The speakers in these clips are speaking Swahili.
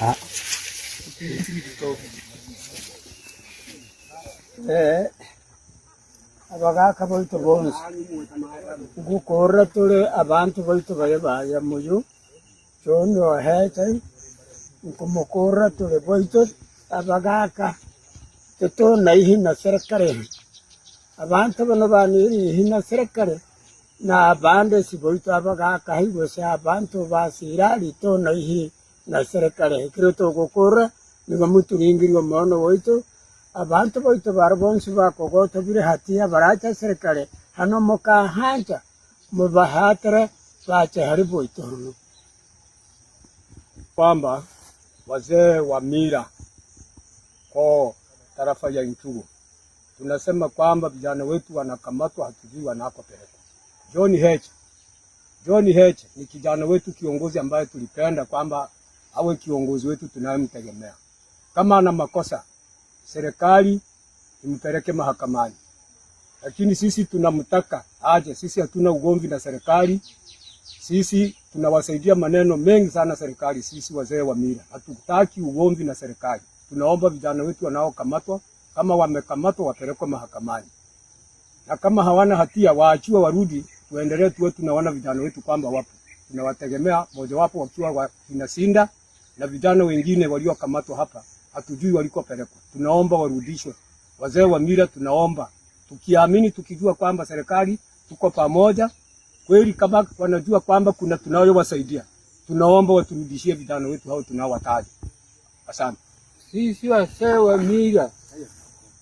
아. 에. abagaka baitu bonsi gukorra turi abantu baitu bayebaye muyu kyoni ohete nkumukorra turi baitu abagaka titunaihi na serikali abantu bano baniriihi na serikali na abandi si baitu abagaka haigwese abantu basirali tunaihi na serikali hikirito gukura nigo muturingirwe maono waitu abantu baitu bari bonsi bire hatia baracha serikali hano mukahanja mubahatire hari boito hano kwamba wazee wa mira ko tarafa ya Inchugu tunasema kwamba vijana wetu wanakamatwa, hatujui wanakopelekwa. John Heche, John Heche ni kijana wetu kiongozi ambaye tulipenda kwamba awe kiongozi wetu tunayemtegemea. Kama ana makosa, serikali impeleke mahakamani, lakini sisi tunamtaka aje. Sisi hatuna ugomvi na serikali, sisi tunawasaidia maneno mengi sana serikali. Sisi wazee wa mila hatutaki ugomvi na serikali. Tunaomba vijana wetu wanaokamatwa, kama wamekamatwa, wapelekwe mahakamani, na kama hawana hatia waachiwe, warudi, tuendelee tuwe tunaona vijana wetu kwamba wapo tunawategemea, mojawapo wakiwa wa kinasinda na vijana wengine waliokamatwa hapa, hatujui walikopelekwa. Tunaomba warudishwe. Wazee wa mila tunaomba tukiamini, tukijua kwamba serikali tuko pamoja kweli, kama wanajua kwamba kuna tunayowasaidia, tunaomba waturudishie vijana wetu hao tunaowataja. Asante. Sisi wazee wa mila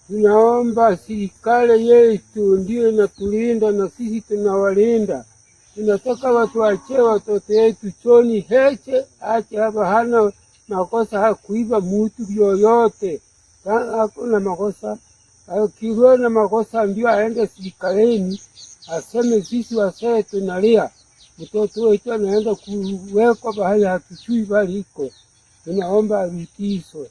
tunaomba serikali yetu ndio inatulinda na sisi tunawalinda. Tunataka wache watoto yetu choni Heche ache hapa, hana makosa, hakuiba mutu yoyote, hakuna makosa. Akiwa na makosa ndio aende serikalini aseme sisi wasee tunalia, mtoto wetu anaenda kuwekwa bahali hatujui bali iko. Tunaomba arutiswe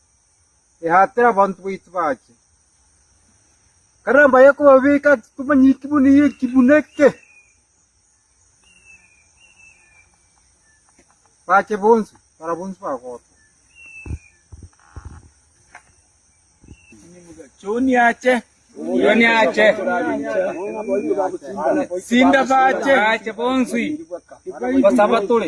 ihatira abantu baitu bake karamba yekubabika tumanyi kibuniye kibuneke bake bonsu para bonsu bakota choni ache Yoni ache sinda bache ache bonsui basabatule